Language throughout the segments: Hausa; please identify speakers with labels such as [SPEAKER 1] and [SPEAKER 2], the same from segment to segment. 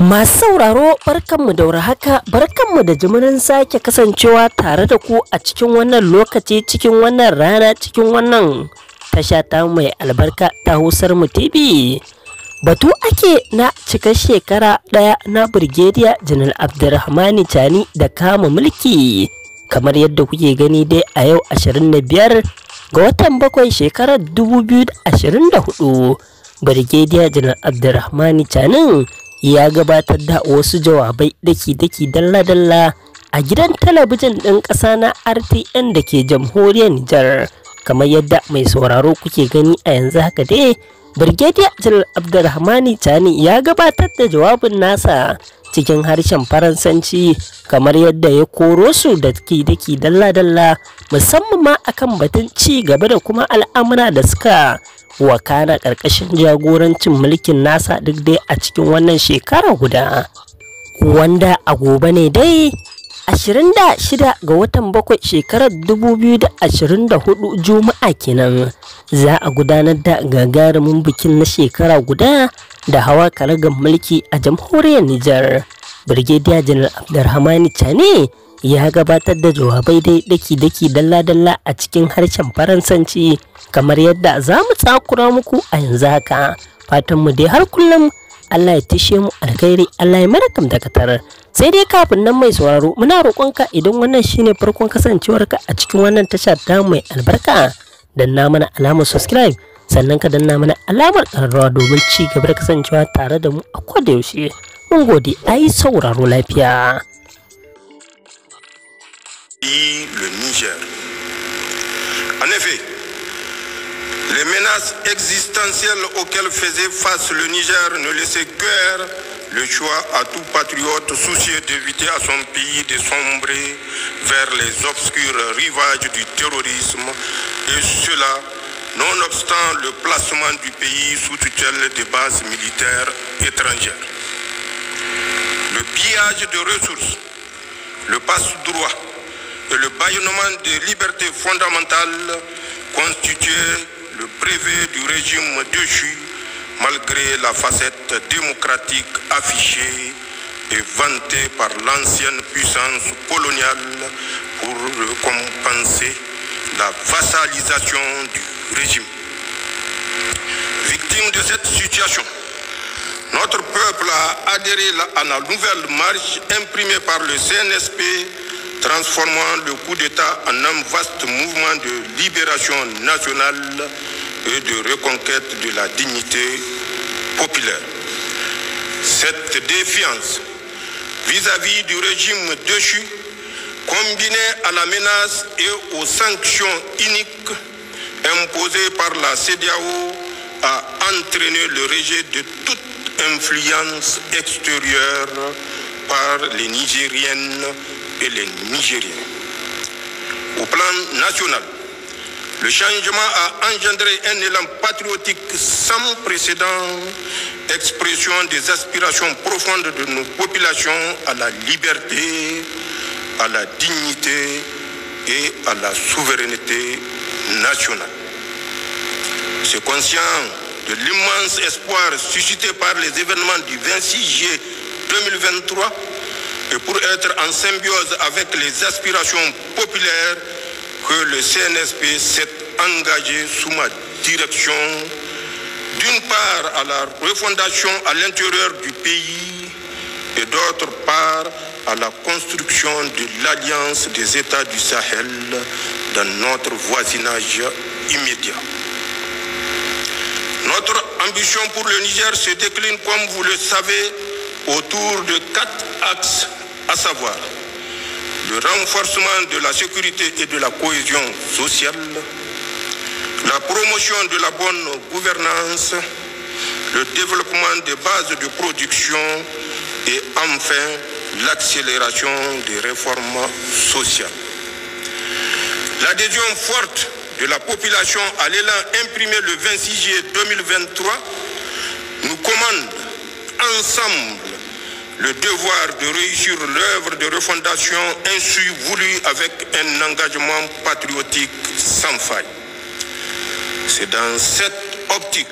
[SPEAKER 1] Masu sauraro barkanmu da haka, barkanmu da jimirin sake kasancewa tare da ku a cikin wannan lokaci cikin wannan rana cikin wannan tasha ta mai albarka ta hausar mu TV. Batu ake na cika shekara ɗaya na Birgediya Janar Abdulrahmani cani da kama mulki. Kamar yadda kuke gani dai a yau 25 ga watan bakwai shekarar 2024 Birgediya Janar Abdulrahmani canin ya gabatar da wasu jawabai daki-daki dalla-dalla a gidan talabijin ɗin ƙasa na RTN da ke jamhuriyar Nijar kamar yadda mai sauraro kuke gani a yanzu haka dai Brigadier General Abdulrahmani Chani ya gabatar da jawabin nasa cikin harshen Faransanci kamar yadda ya koro su da daki-daki dalla-dalla musamman ma akan batun ci gaba da kuma al'amura da suka wakana ƙarƙashin jagorancin mulkin nasa duk dai a cikin wannan shekara guda wanda a gobe ne dai 26 ga watan bakwai shekarar 2024 juma'a kenan za a gudanar da gagarumin bikin na shekara guda da hawa karagar mulki a jamhuriyar Nijar. Birgediya Janar abdulrahman Chane ya gabatar da jawabai dai daki-daki dalla-dalla a cikin harshen Faransanci kamar yadda za mu tsakura muku a yanzu haka fatan mu dai har kullum Allah ya tishe mu alkhairi Allah ya mara kam dakatar sai dai kafin nan mai sauraro muna roƙonka idan wannan shine farkon kasancewarka a cikin wannan tasha ta mai albarka danna mana alamar subscribe sannan ka danna mana alamar ƙararrawa domin ci gaba da kasancewa tare da mu a yaushe, mun gode ai sauraro lafiya
[SPEAKER 2] le Niger. En effet, Les menaces existentielles auxquelles faisait face le Niger ne laissaient guère le choix à tout patriote soucieux d'éviter à son pays de sombrer vers les obscurs rivages du terrorisme, et cela nonobstant le placement du pays sous tutelle des bases militaires étrangères. Le pillage de ressources, le passe-droit et le bâillonnement des libertés fondamentales constituaient le privé du régime de malgré la facette démocratique affichée et vantée par l'ancienne puissance coloniale pour compenser la vassalisation du régime. Victime de cette situation, notre peuple a adhéré à la nouvelle marche imprimée par le CNSP transformant le coup d'État en un vaste mouvement de libération nationale et de reconquête de la dignité populaire. Cette défiance vis-à-vis du régime déchu, combinée à la menace et aux sanctions uniques imposées par la CDAO, a entraîné le rejet de toute influence extérieure par les Nigériennes et les Nigériens. Au plan national, le changement a engendré un élan patriotique sans précédent, expression des aspirations profondes de nos populations à la liberté, à la dignité et à la souveraineté nationale. C'est conscient de l'immense espoir suscité par les événements du 26 juillet 2023 et pour être en symbiose avec les aspirations populaires que le CNSP s'est engagé sous ma direction, d'une part à la refondation à l'intérieur du pays et d'autre part à la construction de l'alliance des États du Sahel dans notre voisinage immédiat. Notre ambition pour le Niger se décline, comme vous le savez, autour de quatre axes à savoir le renforcement de la sécurité et de la cohésion sociale, la promotion de la bonne gouvernance, le développement des bases de production et enfin l'accélération des réformes sociales. L'adhésion forte de la population à l'élan imprimé le 26 juillet 2023 nous commande ensemble le devoir de réussir l'œuvre de refondation ainsi voulue avec un engagement patriotique sans faille. C'est dans cette optique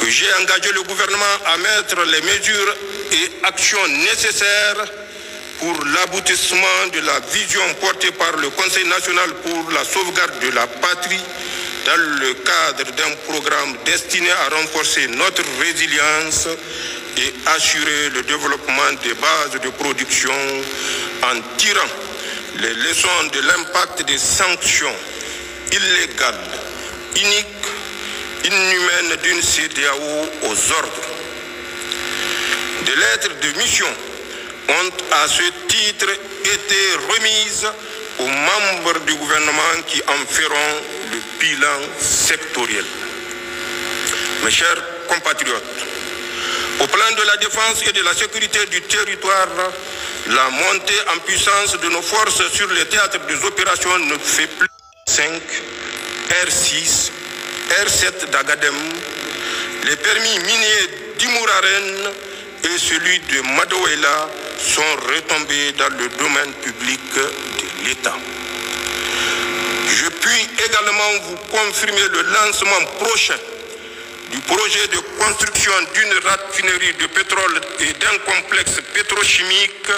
[SPEAKER 2] que j'ai engagé le gouvernement à mettre les mesures et actions nécessaires pour l'aboutissement de la vision portée par le Conseil national pour la sauvegarde de la patrie dans le cadre d'un programme destiné à renforcer notre résilience et assurer le développement des bases de production en tirant les leçons de l'impact des sanctions illégales, iniques, inhumaines d'une CDAO aux ordres. Des lettres de mission ont à ce titre été remises aux membres du gouvernement qui en feront le bilan sectoriel. Mes chers compatriotes, au plan de la défense et de la sécurité du territoire, la montée en puissance de nos forces sur les théâtres des opérations ne fait plus 5, R6, R7 d'Agadem, les permis miniers d'Imouraren et celui de Madouela sont retombés dans le domaine public de l'État. Je puis également vous confirmer le lancement prochain du projet de construction d'une raffinerie de pétrole et d'un complexe pétrochimique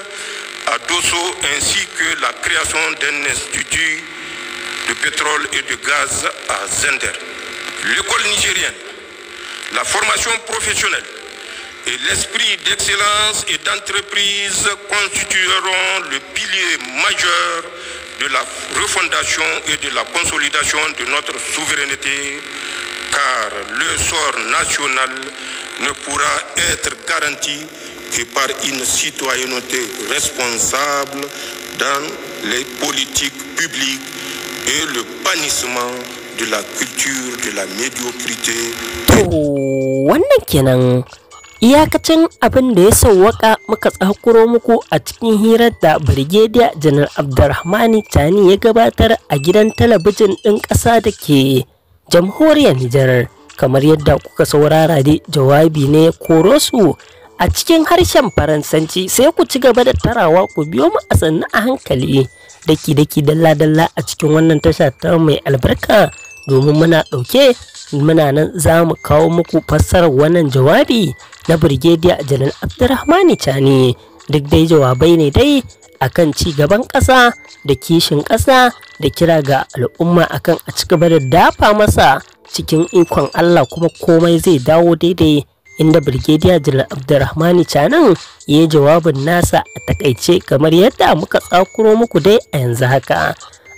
[SPEAKER 2] à Dosso ainsi que la création d'un institut de pétrole et de gaz à Zender. L'école nigérienne, la formation professionnelle et l'esprit d'excellence et d'entreprise constitueront le pilier majeur de la refondation et de la consolidation de notre souveraineté car le sort national ne pourra être garanti que par une citoyenneté responsable dans les politiques publiques et le bannissement de la culture de la médiocrité.
[SPEAKER 1] wannan kenan iyakacin abin da ya sauwaka muka tsakuro muku a cikin hirar da Brigadier Janar Abdulrahmani Tani ya gabatar a gidan talabijin ɗin ƙasa da ke jamhuriyar Nijar kamar yadda kuka saurara dai jawabi ne koro su a cikin harshen faransanci sai ku ci gaba da tarawa ku biyo mu a sannu a hankali daki daki dalla dalla a cikin wannan tasha ta mai albarka domin muna ɗauke muna nan za mu kawo muku fassarar wannan jawabi na birgediya janar abdurrahmani Chani. duk dai jawabai ne dai akan ci gaban ƙasa da kishin ƙasa da kira ga al'umma akan a ci gaba da dafa masa cikin ikon Allah kuma komai zai dawo daidai inda Brigadier Janar Abdulrahmani Canan ya yi jawabin nasa a takaice kamar yadda muka tsakuro muku dai a yanzu haka.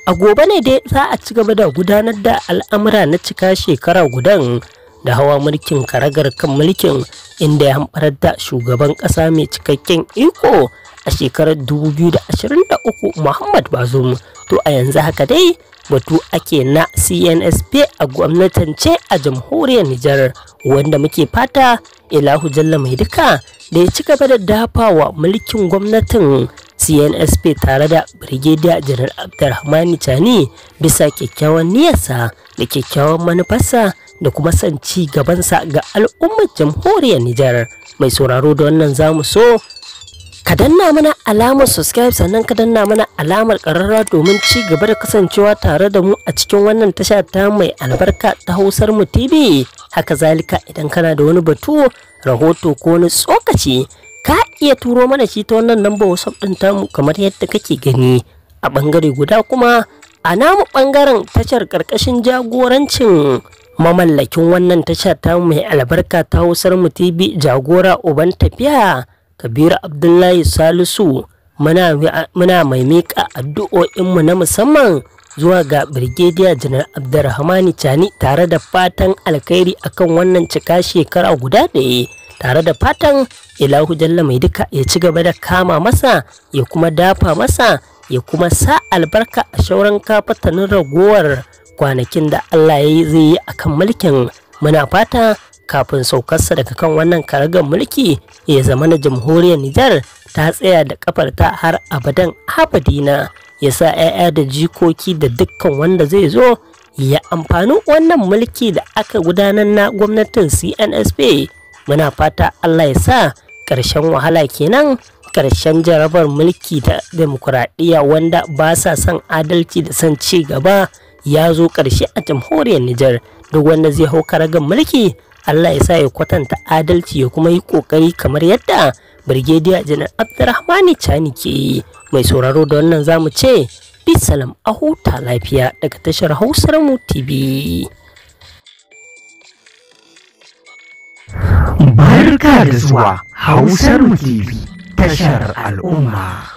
[SPEAKER 1] A gobe ne dai za a ci gaba da gudanar da al'amura na cika shekara gudan da hawa mulkin karagar kan mulkin inda ya hamɓarar da shugaban ƙasa mai cikakken iko. a shekarar 2023 Muhammad Bazoum to a yanzu haka dai batu ake na CNSP a gwamnatance a jamhuriyar Nijar wanda muke fata Ilahu Jalla mai duka da ya ci gaba da dafa wa mulkin gwamnatin CNSP tare da Brigadier Janar Abdulrahmani Chani bisa kyakkyawan niyarsa da kyakkyawan manufarsa da kuma son ci gabansa ga al'ummar jamhuriyar Nijar mai sauraro da wannan zamu so ka danna mana alamar subscribe sannan ka danna mana alamar ƙararra domin ci gaba da kasancewa tare da mu a cikin wannan tasha ta mai albarka ta hausar mu tv haka zalika idan kana da wani batu rahoto ko wani tsokaci ka iya turo mana shi ta wannan lambar whatsapp ɗin tamu kamar yadda kake gani a ɓangare guda kuma a namu ɓangaren tashar ƙarƙashin jagorancin mamallakin wannan tasha ta mai albarka ta hausar mu tv jagora uban tafiya Kabiru Abdullahi Salisu muna mai miƙa addu'o'inmu na musamman zuwa ga Birgediya Janar Abdurrahmani Chani tare da fatan alkhairi akan wannan cika shekara guda ɗaya tare da fatan Ilahu Jalla mai duka ya ci gaba da kama masa ya kuma dafa masa ya kuma sa albarka a shauran kafatanin ragowar kwanakin da Allah ya yi zai yi akan mulkin muna fata kafin saukarsa daga kan wannan karagar mulki ya zama na jamhuriyar Nijar ta tsaya da ta har abadan abadina ya sa 'ya'ya da jikoki da dukkan wanda zai zo ya amfani wannan mulki da aka gudanar na gwamnatin CNSP muna fata Allah ya sa ƙarshen wahala kenan ƙarshen jarabar mulki da demokuraɗiyya wanda ba sa son adalci da son ci gaba ya zo ƙarshe a jamhuriyar Nijar duk wanda zai hau karagar mulki Allah ya sa ya kwatanta adalci ya kuma yi kokari kamar yadda Birgediya Janar Abdurrahmani Chani ke yi. Mai sauraro da wannan zamu ce bisalam a huta lafiya daga tashar Hausar mu TV. Barka da zuwa Hausar mu TV tashar al'umma.